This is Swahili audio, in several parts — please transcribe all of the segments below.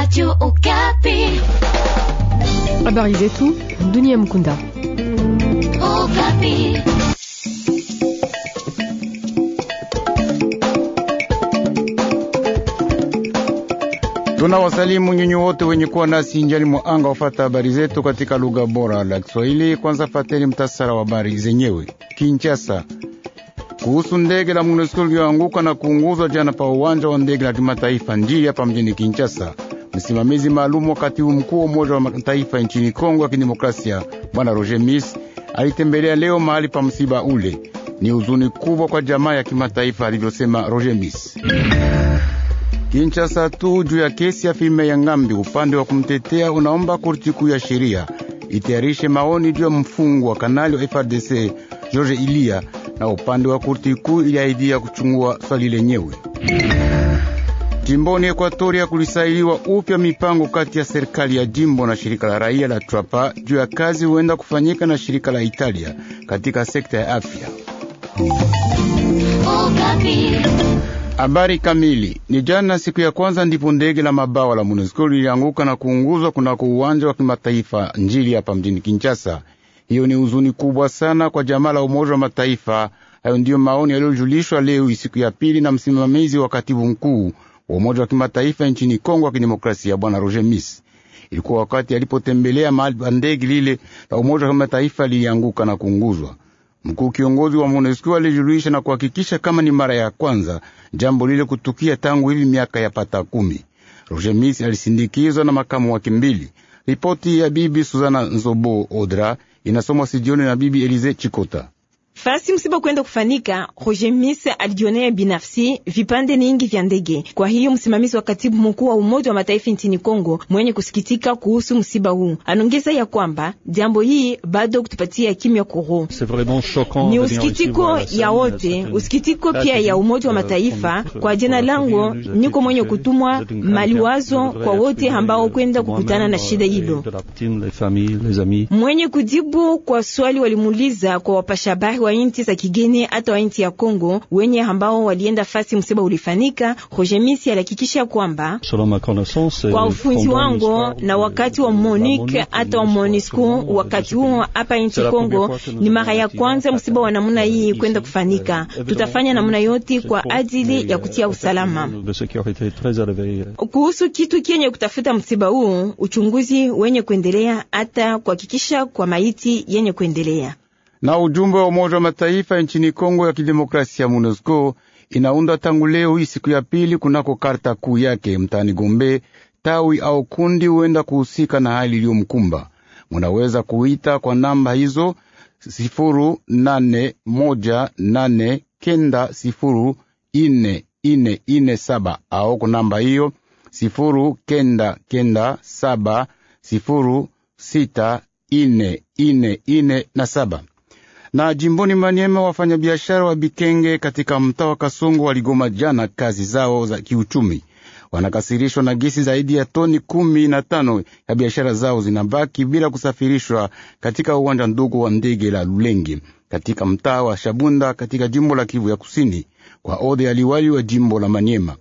Radio Okapi. Habari zetu dunia mkunda. Okapi. Tuna wasalimu nyinyi wote wenye kuwa nasi njani mwa anga wafata habari zetu katika lugha bora la Kiswahili. Kwanza fateni mtasara wa habari zenyewe. Kinshasa kuhusu ndege la MONUSCO liliyoanguka na kuunguzwa jana pa uwanja wa ndege la kimataifa Njia pa mjini Kinshasa msimamizi maalumu wa katibu mkuu wa Umoja wa Mataifa nchini Kongo ya Kidemokrasia Bwana Roger Miss alitembelea leo mahali pa msiba ule. Ni huzuni kubwa kwa jamaa ya kimataifa, alivyosema Roger Miss. Kinshasa tu juu ya kesi ya filme ya Ngambi, upande wa kumtetea unaomba korti kuu ya sheria itayarishe maoni juu ya mfungwa kanali wa FRDC George Ilia, na upande wa korti kuu iliahidia kuchungua swali lenyewe. Jimboni Ekwatoria kulisailiwa upya mipango kati ya serikali ya jimbo na shirika la raia la Trapa juu ya kazi huenda kufanyika na shirika la Italia katika sekta ya afya. Habari kamili ni jana, siku ya kwanza, ndipo ndege la mabawa la MONUSCO lilianguka na kuunguzwa kunako uwanja wa kimataifa Njili hapa mjini Kinshasa. Hiyo ni huzuni kubwa sana kwa jamaa la Umoja wa Mataifa. Hayo ndiyo maoni yaliyojulishwa leo siku ya pili na msimamizi wa katibu mkuu wa Umoja wa Kimataifa nchini Kongo ya Kidemokrasia, Bwana Roger Miss. Ilikuwa wakati alipotembelea mahali pa ndege lile la Umoja wa Kimataifa lilianguka na kuunguzwa. Mkuu kiongozi wa MONUSCO alijulisha na kuhakikisha kama ni mara ya kwanza jambo lile kutukia tangu hivi miaka ya pata kumi. Roger Miss alisindikizwa na makamu wake mbili. Ripoti ya bibi Suzana Nzobo Odra inasomwa sijioni na bibi Elize Chikota. Fasi msiba kwenda kufanika, Roger Mise alijionea binafsi vipande nyingi vya ndege. Kwa hiyo msimamizi wa katibu mkuu wa Umoja wa Mataifa nchini Kongo mwenye kusikitika kuhusu msiba huu anaongeza ya kwamba jambo hii bado kutupatia kimya kuro. Ni usikitiko ya wote, usikitiko pia ya Umoja wa euh, Mataifa. Kwa jina langu niko mwenye kutumwa maliwazo kwa wote ambao euh, kwenda kukutana na euh, shida hilo. Mwenye kujibu kwa swali walimuuliza kwa wapashabahi wa inti za kigeni hata wa inti ya Kongo wenye ambao walienda fasi msiba ulifanika. Roger Misi alihakikisha kwamba kwa eh, ufunzi wangu na wakati wa Monique hata wa Monisco wakati huo hapa inti Kongo, ni mara ya kwanza msiba wa namuna hii kwenda kufanika. Euh, Tutafanya namuna yote kwa ajili ya kutia euh, usalama. Euh. Kuhusu kitu kienye kutafuta msiba huu, uchunguzi wenye kuendelea hata kuhakikisha kwa maiti yenye kuendelea na ujumbe wa Umoja wa Mataifa nchini Kongo ya Kidemokrasia, MONUSCO inaunda tangu leo hii siku ya pili kunako karta kuu yake mtaani Gombe tawi au kundi huenda kuhusika na hali iliyomkumba. Munaweza kuita kwa namba hizo sifuru nane moja nane kenda sifuru ine ine ine saba au kwa namba hiyo sifuru kenda kenda saba sifuru sita ine ine ine na saba. Na jimboni Maniema, wafanyabiashara wa Bikenge katika mtaa wa Kasongo waligoma jana kazi zao za kiuchumi. Wanakasirishwa na gesi zaidi ya toni kumi na tano ya biashara zao zinabaki bila kusafirishwa katika uwanja ndogo wa ndege la Lulenge katika mtaa wa Shabunda katika jimbo la Kivu ya Kusini, kwa ode ya liwali wa jimbo la Maniema.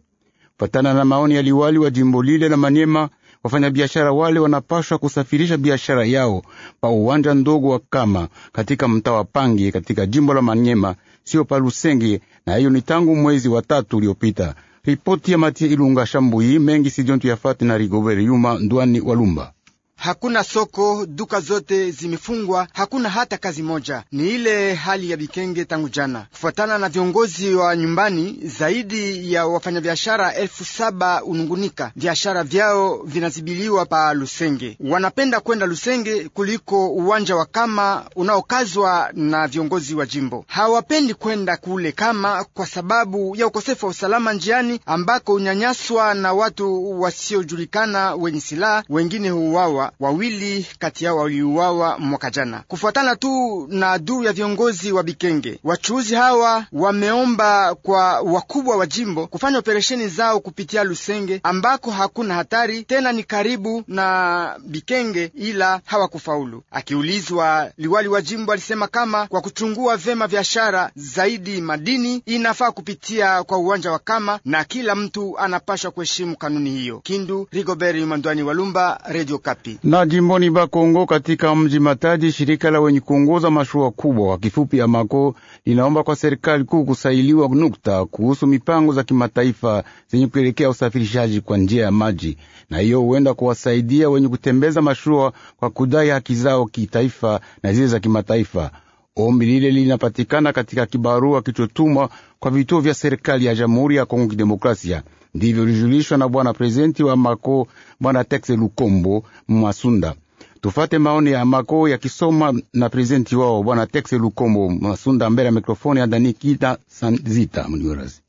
fatana na maoni ya liwali wa jimbo lile la Maniema, Wafanyabiashara wale wanapashwa kusafirisha biashara yao pa uwanja ndogo wa Kama katika mtaa wa Pangi katika jimbo la Manyema, sio pa Lusenge, na hiyo ni tangu mwezi wa tatu uliopita. Ripoti ya matia Ilunga Shambuyi mengi sijontu yafati na Rigobert Yuma Ndwani Walumba hakuna soko, duka zote zimefungwa, hakuna hata kazi moja. Ni ile hali ya Bikenge tangu jana. Kufuatana na viongozi wa nyumbani, zaidi ya wafanyabiashara elfu saba unungunika, biashara vyao vinazibiliwa pa Lusenge. Wanapenda kwenda Lusenge kuliko uwanja wa Kama unaokazwa na viongozi wa jimbo. Hawapendi kwenda kule Kama kwa sababu ya ukosefu wa usalama njiani, ambako unyanyaswa na watu wasiojulikana wenye silaha, wengine huuawa wawili kati yao waliuawa mwaka jana, kufuatana tu na duru ya viongozi wa Bikenge. Wachuuzi hawa wameomba kwa wakubwa wa jimbo kufanya operesheni zao kupitia Lusenge ambako hakuna hatari tena, ni karibu na Bikenge, ila hawakufaulu. Akiulizwa, liwali wa jimbo alisema kama kwa kuchungua vyema biashara zaidi madini inafaa kupitia kwa uwanja wa Kama, na kila mtu anapashwa kuheshimu kanuni hiyo. Kindu, Rigobert Mandwani Walumba, Radio Kapi. Na jimboni Bakongo katika mji mataji shirika la wenye kuongoza mashua kubwa kwa kifupi Amako linaomba kwa serikali kuu kusailiwa nukta kuhusu mipango za kimataifa zenye kuelekea usafirishaji kwa njia ya maji, na hiyo huenda kuwasaidia wenye kutembeza mashua kwa kudai haki zao kitaifa na zile za kimataifa. Ombi lile linapatikana katika kibarua kichotumwa kwa vituo vya serikali ya Jamhuri ya Kongo Kidemokrasia. Ndivyo lijulishwa na bwana prezidenti wa Mako, bwana Texe Lukombo Mwasunda. Tufate maoni ya Mako yakisoma na prezidenti wao bwana Texe Lukombo Mwasunda mbele ya mikrofoni ya Danikida Sanzita Mniorazi.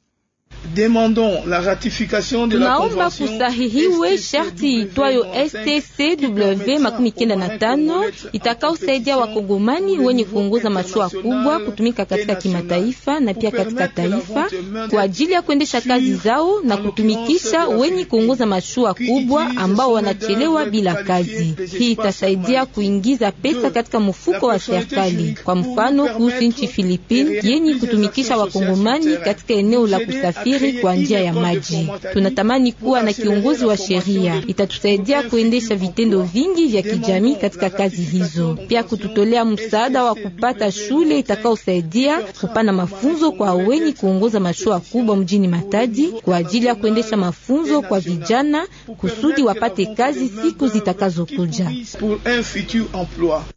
Tunaomba kusahihiwe sharti itwayo STCW makumi kenda na tano itakaosaidia wakongomani wenye kuongoza mashua kubwa kutumika katika kimataifa na pia katika taifa kwa ajili ya kuendesha kazi zao na kutumikisha wenye kuongoza mashua kubwa ambao wanachelewa bila kazi. Hii itasaidia kuingiza pesa katika mfuko wa serikali, kwa mfano kuhusu nchi Filipini yenye kutumikisha wakongomani katika eneo la kusafiri kusafiri kwa njia ya maji. Tunatamani kuwa na kiongozi wa sheria, itatusaidia kuendesha vitendo vingi vya kijamii katika kazi hizo, pia kututolea msaada wa kupata shule itakaosaidia kupana mafunzo kwa wenye kuongoza mashua kubwa mjini Matadi kwa ajili ya kuendesha mafunzo kwa vijana kusudi wapate kazi siku zitakazokuja.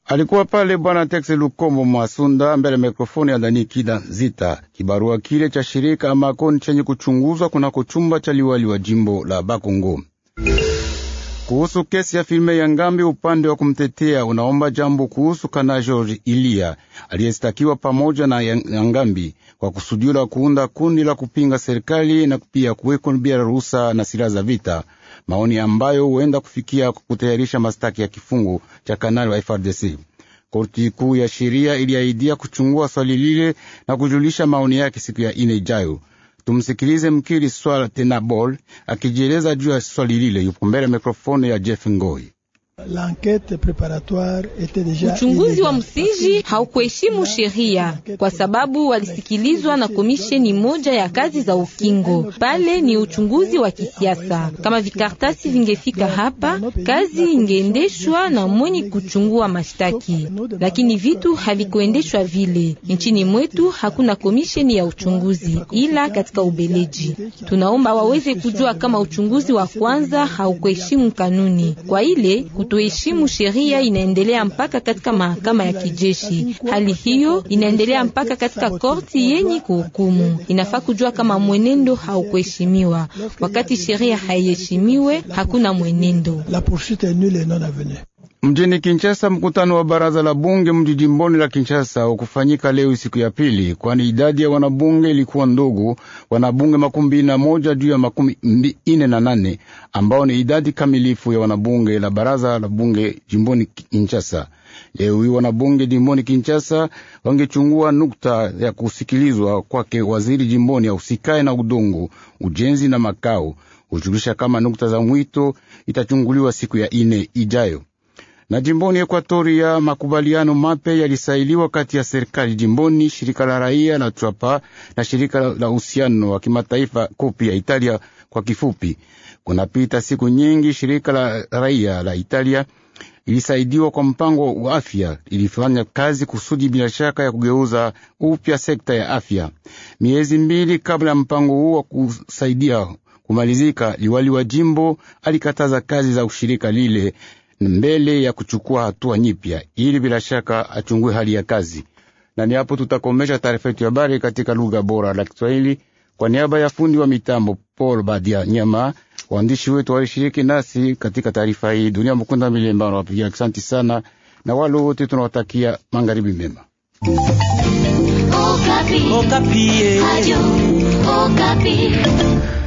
Alikuwa pale bwana Tex Lukombo Mwasunda mbele ya mikrofoni ya Dani Kida Nzita. Kibarua kile cha shirika Amakoni chenye kuchunguzwa kunako chumba cha liwali wa jimbo la Bakongo kuhusu kesi ya filme ya Ngambi, upande wa kumtetea unaomba jambo kuhusu kana George Ilia aliyestakiwa pamoja na Yangambi kwa kusudio kuunda kundi la kupinga serikali na pia kuweko bila ruhusa na silaha za vita maoni ambayo huenda kufikia kutayarisha mastaki ya kifungo cha kanali wa FRDC. Korti kuu ya sheria iliahidia kuchungua swali lile na kujulisha maoni yake siku ya ine ijayo. Tumsikilize mkili Swala Tenabol akijieleza juu ya swali lile. Yupo mbele ya mikrofoni ya Jeff Ngoi. Uchunguzi wa Msiji haukuheshimu sheria kwa sababu walisikilizwa na komisheni moja ya kazi za ukingo. Pale ni uchunguzi wa kisiasa. Kama vikartasi vingefika hapa, kazi ingeendeshwa na mwenye kuchungua mashtaki, lakini vitu havikuendeshwa vile. Nchini mwetu hakuna komisheni ya uchunguzi, ila katika Ubeleji tunaomba waweze kujua kama uchunguzi wa kwanza haukuheshimu kanuni kwa ile kutoheshimu sheria inaendelea mpaka katika mahakama ya kijeshi. Hali hiyo inaendelea mpaka katika korti yenye kuhukumu. Inafaa kujua kama mwenendo haukuheshimiwa. Wakati sheria haiheshimiwe, hakuna mwenendo. Mjini Kinshasa, mkutano wa baraza la bunge mji jimboni la Kinshasa ukufanyika leo siku ya pili, kwani idadi ya wanabunge ilikuwa ndogo, wanabunge makumi mbili na moja juu ya makumi ine na nane ambao ni idadi kamilifu ya wanabunge la baraza la bunge jimboni Kinshasa. Leo hii wanabunge jimboni Kinshasa wangechungua nukta ya kusikilizwa kwake waziri jimboni ausikae na udongo, ujenzi na makao, hujulisha kama nukta za mwito itachunguliwa siku ya ine ijayo. Na jimboni Ekwatoria, makubaliano mapya yalisailiwa kati ya serikali jimboni, shirika la raia na chwapa na shirika la uhusiano wa kimataifa kopi ya Italia kwa kifupi. Kunapita siku nyingi, shirika la raia la Italia ilisaidiwa kwa mpango wa afya, ilifanya kazi kusudi bila shaka ya kugeuza upya sekta ya afya. Miezi mbili kabla ya mpango huo wa kusaidia kumalizika, liwali wa jimbo alikataza kazi za ushirika lile mbele ya kuchukua hatua nyipya, ili bila shaka achungue hali ya kazi. Na ni hapo tutakomesha taarifa yetu ya habari katika lugha bora la Kiswahili kwa niaba ya fundi wa mitambo Paul Badia Nyama, waandishi wetu walishiriki nasi katika taarifa hii. Dunia Mukunda Milemba nawapigia asanti sana, na wale wote tunawatakia magharibi mema. Okapi. Okapi. Eh.